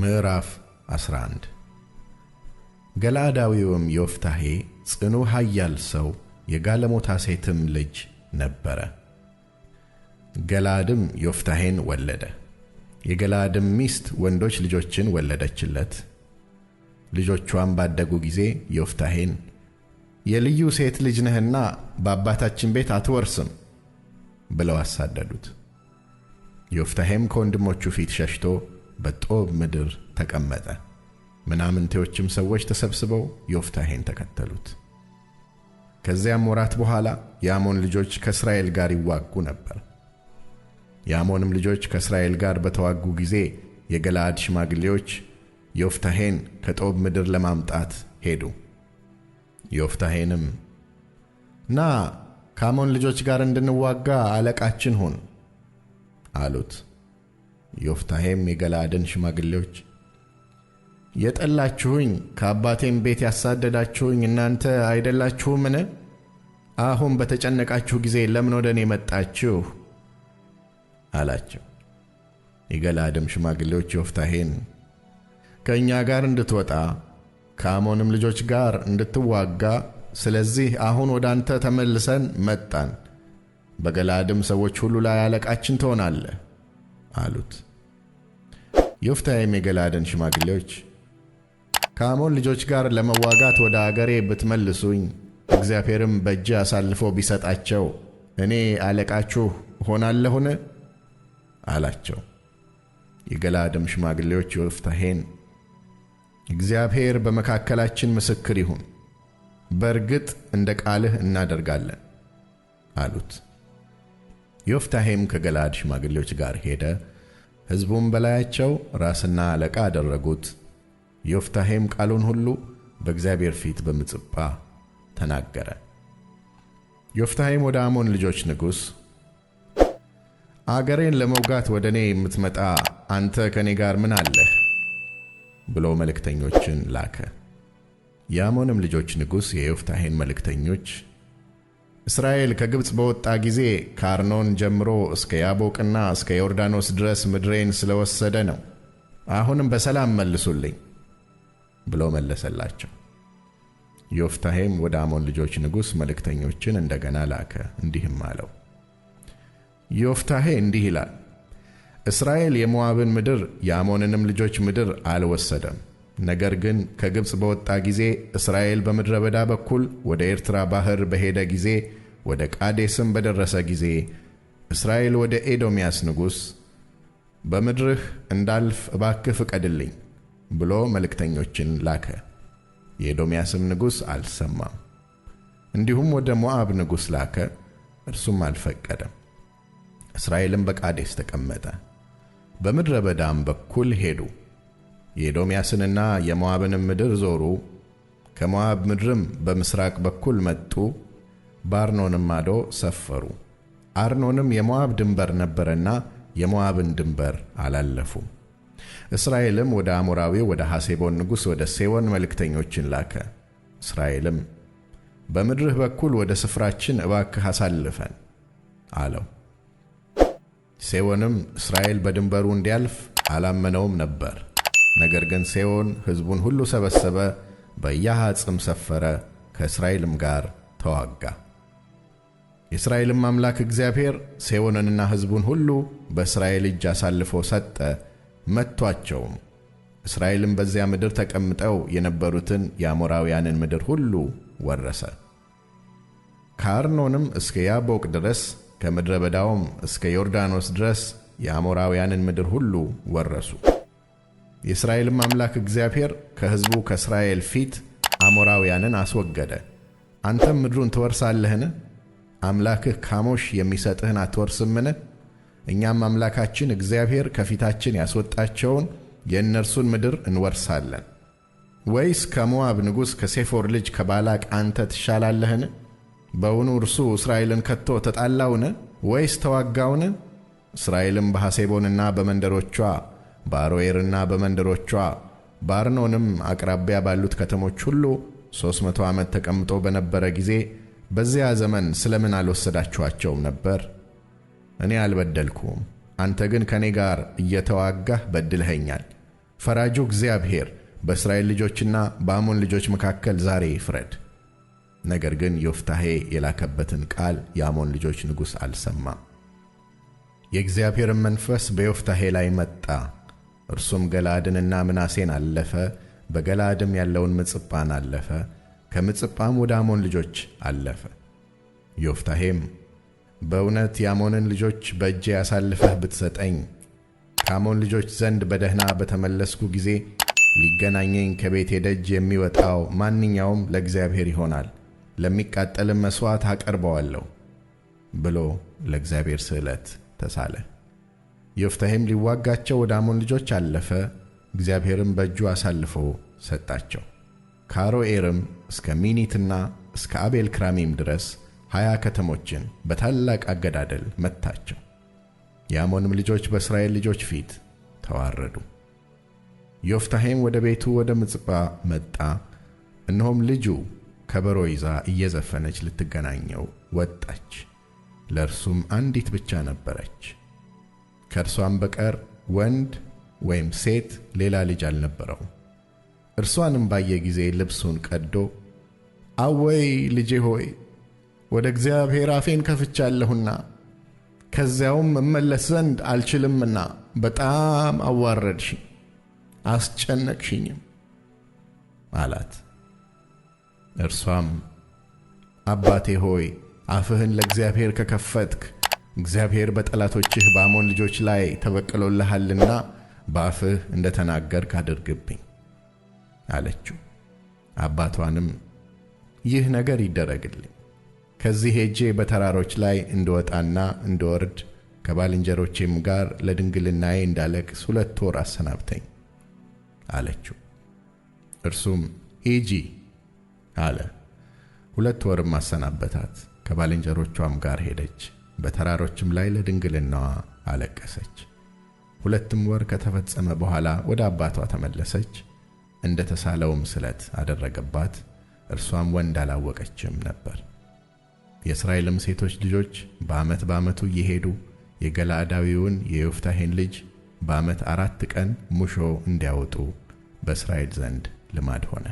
ምዕራፍ 11 ገላዳዊውም ዮፍታሄ ጽኑ ኃያል ሰው የጋለሞታ ሴትም ልጅ ነበረ። ገላድም ዮፍታሄን ወለደ። የገላድም ሚስት ወንዶች ልጆችን ወለደችለት። ልጆቿም ባደጉ ጊዜ ዮፍታሄን የልዩ ሴት ልጅ ነህና በአባታችን ቤት አትወርስም ብለው አሳደዱት። ዮፍታሄም ከወንድሞቹ ፊት ሸሽቶ በጦብ ምድር ተቀመጠ። ምናምንቴዎችም ሰዎች ተሰብስበው ዮፍታሔን ተከተሉት። ከዚያም ወራት በኋላ የአሞን ልጆች ከእስራኤል ጋር ይዋጉ ነበር። የአሞንም ልጆች ከእስራኤል ጋር በተዋጉ ጊዜ የገላአድ ሽማግሌዎች ዮፍታሔን ከጦብ ምድር ለማምጣት ሄዱ። ዮፍታሔንም ና ከአሞን ልጆች ጋር እንድንዋጋ አለቃችን ሁን አሉት። ዮፍታሔም የገለዓድን ሽማግሌዎች የጠላችሁኝ ከአባቴም ቤት ያሳደዳችሁኝ እናንተ አይደላችሁምን? አሁን በተጨነቃችሁ ጊዜ ለምን ወደ እኔ መጣችሁ? አላቸው። የገለዓድም ሽማግሌዎች ዮፍታሔን ከእኛ ጋር እንድትወጣ ከአሞንም ልጆች ጋር እንድትዋጋ ስለዚህ አሁን ወደ አንተ ተመልሰን መጣን። በገላአድም ሰዎች ሁሉ ላይ አለቃችን ትሆናለህ አሉት። ዮፍታሔም የገላደን ሽማግሌዎች ከአሞን ልጆች ጋር ለመዋጋት ወደ አገሬ ብትመልሱኝ፣ እግዚአብሔርም በእጅ አሳልፎ ቢሰጣቸው እኔ አለቃችሁ እሆናለሁን አላቸው። የገላድም ሽማግሌዎች ዮፍታሔን እግዚአብሔር በመካከላችን ምስክር ይሁን፣ በእርግጥ እንደ ቃልህ እናደርጋለን አሉት። ዮፍታሔም ከገላድ ሽማግሌዎች ጋር ሄደ። ሕዝቡም በላያቸው ራስና አለቃ አደረጉት። ዮፍታሔም ቃሉን ሁሉ በእግዚአብሔር ፊት በምጽጳ ተናገረ። ዮፍታሔም ወደ አሞን ልጆች ንጉሥ አገሬን ለመውጋት ወደ እኔ የምትመጣ አንተ ከእኔ ጋር ምን አለህ? ብሎ መልእክተኞችን ላከ። የአሞንም ልጆች ንጉሥ የዮፍታሔን መልእክተኞች እስራኤል ከግብፅ በወጣ ጊዜ ከአርኖን ጀምሮ እስከ ያቦቅና እስከ ዮርዳኖስ ድረስ ምድሬን ስለወሰደ ነው። አሁንም በሰላም መልሱልኝ ብሎ መለሰላቸው። ዮፍታሔም ወደ አሞን ልጆች ንጉሥ መልእክተኞችን እንደገና ላከ፣ እንዲህም አለው፦ ዮፍታሔ እንዲህ ይላል፣ እስራኤል የሞዓብን ምድር የአሞንንም ልጆች ምድር አልወሰደም። ነገር ግን ከግብፅ በወጣ ጊዜ እስራኤል በምድረ በዳ በኩል ወደ ኤርትራ ባሕር በሄደ ጊዜ ወደ ቃዴስም በደረሰ ጊዜ እስራኤል ወደ ኤዶምያስ ንጉሥ በምድርህ እንዳልፍ እባክህ ፍቀድልኝ ብሎ መልእክተኞችን ላከ። የኤዶምያስም ንጉሥ አልሰማም። እንዲሁም ወደ ሞዓብ ንጉሥ ላከ፣ እርሱም አልፈቀደም። እስራኤልም በቃዴስ ተቀመጠ፤ በምድረ በዳም በኩል ሄዱ። የኤዶምያስንና የሞዓብንም ምድር ዞሩ። ከሞዓብ ምድርም በምሥራቅ በኩል መጡ፣ በአርኖንም ማዶ ሰፈሩ። አርኖንም የሞዓብ ድንበር ነበረና የሞዓብን ድንበር አላለፉም። እስራኤልም ወደ አሞራዊው ወደ ሐሴቦን ንጉሥ ወደ ሴዎን መልእክተኞችን ላከ። እስራኤልም በምድርህ በኩል ወደ ስፍራችን እባክህ አሳልፈን አለው። ሴዎንም እስራኤል በድንበሩ እንዲያልፍ አላመነውም ነበር። ነገር ግን ሴዎን ሕዝቡን ሁሉ ሰበሰበ፣ በያሐጽም ሰፈረ፣ ከእስራኤልም ጋር ተዋጋ። የእስራኤልም አምላክ እግዚአብሔር ሴዎንንና ሕዝቡን ሁሉ በእስራኤል እጅ አሳልፎ ሰጠ፣ መቷቸውም። እስራኤልም በዚያ ምድር ተቀምጠው የነበሩትን የአሞራውያንን ምድር ሁሉ ወረሰ። ከአርኖንም እስከ ያቦቅ ድረስ ከምድረ በዳውም እስከ ዮርዳኖስ ድረስ የአሞራውያንን ምድር ሁሉ ወረሱ። የእስራኤልም አምላክ እግዚአብሔር ከሕዝቡ ከእስራኤል ፊት አሞራውያንን አስወገደ። አንተም ምድሩን ትወርሳለህን? አምላክህ ካሞሽ የሚሰጥህን አትወርስምን? እኛም አምላካችን እግዚአብሔር ከፊታችን ያስወጣቸውን የእነርሱን ምድር እንወርሳለን። ወይስ ከሞዓብ ንጉሥ ከሴፎር ልጅ ከባላቅ አንተ ትሻላለህን? በውኑ እርሱ እስራኤልን ከቶ ተጣላውን? ወይስ ተዋጋውን? እስራኤልም በሐሴቦንና በመንደሮቿ በአሮኤርና በመንደሮቿ በአርኖንም አቅራቢያ ባሉት ከተሞች ሁሉ ሦስት መቶ ዓመት ተቀምጦ በነበረ ጊዜ በዚያ ዘመን ስለምን አልወሰዳችኋቸውም ነበር? እኔ አልበደልኩም፤ አንተ ግን ከእኔ ጋር እየተዋጋህ በድልኸኛል። ፈራጁ እግዚአብሔር በእስራኤል ልጆችና በአሞን ልጆች መካከል ዛሬ ይፍረድ። ነገር ግን ዮፍታሔ የላከበትን ቃል የአሞን ልጆች ንጉሥ አልሰማም። የእግዚአብሔርን መንፈስ በዮፍታሔ ላይ መጣ። እርሱም ገለዓድንና ምናሴን አለፈ፣ በገለዓድም ያለውን ምጽጳን አለፈ፣ ከምጽጳም ወደ አሞን ልጆች አለፈ። ዮፍታሔም በእውነት የአሞንን ልጆች በእጄ አሳልፈህ ብትሰጠኝ፣ ከአሞን ልጆች ዘንድ በደህና በተመለስኩ ጊዜ ሊገናኘኝ ከቤቴ ደጅ የሚወጣው ማንኛውም ለእግዚአብሔር ይሆናል፣ ለሚቃጠልም መሥዋዕት አቀርበዋለሁ ብሎ ለእግዚአብሔር ስዕለት ተሳለ። ዮፍታሔም ሊዋጋቸው ወደ አሞን ልጆች አለፈ፣ እግዚአብሔርም በእጁ አሳልፎ ሰጣቸው። ከአሮዔርም እስከ ሚኒትና እስከ አቤል ክራሚም ድረስ ሀያ ከተሞችን በታላቅ አገዳደል መታቸው። የአሞንም ልጆች በእስራኤል ልጆች ፊት ተዋረዱ። ዮፍታሔም ወደ ቤቱ ወደ ምጽጳ መጣ፣ እነሆም ልጁ ከበሮ ይዛ እየዘፈነች ልትገናኘው ወጣች። ለእርሱም አንዲት ብቻ ነበረች። ከእርሷም በቀር ወንድ ወይም ሴት ሌላ ልጅ አልነበረውም። እርሷንም ባየ ጊዜ ልብሱን ቀዶ አወይ ልጄ ሆይ ወደ እግዚአብሔር አፌን ከፍቻለሁና ከዚያውም እመለስ ዘንድ አልችልምና በጣም አዋረድሽኝ፣ አስጨነቅሽኝም አላት። እርሷም አባቴ ሆይ አፍህን ለእግዚአብሔር ከከፈትክ እግዚአብሔር በጠላቶችህ በአሞን ልጆች ላይ ተበቅሎልሃልና በአፍህ እንደ ተናገርክ አድርግብኝ አለችው። አባቷንም ይህ ነገር ይደረግልኝ፣ ከዚህ ሄጄ በተራሮች ላይ እንድወጣና እንድወርድ ከባልንጀሮቼም ጋር ለድንግልናዬ እንዳለቅስ ሁለት ወር አሰናብተኝ አለችው። እርሱም ሂጂ አለ። ሁለት ወርም አሰናበታት፣ ከባልንጀሮቿም ጋር ሄደች። በተራሮችም ላይ ለድንግልናዋ አለቀሰች። ሁለትም ወር ከተፈጸመ በኋላ ወደ አባቷ ተመለሰች፣ እንደ ተሳለውም ስለት አደረገባት። እርሷም ወንድ አላወቀችም ነበር። የእስራኤልም ሴቶች ልጆች በዓመት በዓመቱ እየሄዱ የገላዳዊውን የዮፍታሔን ልጅ በዓመት አራት ቀን ሙሾ እንዲያወጡ በእስራኤል ዘንድ ልማድ ሆነ።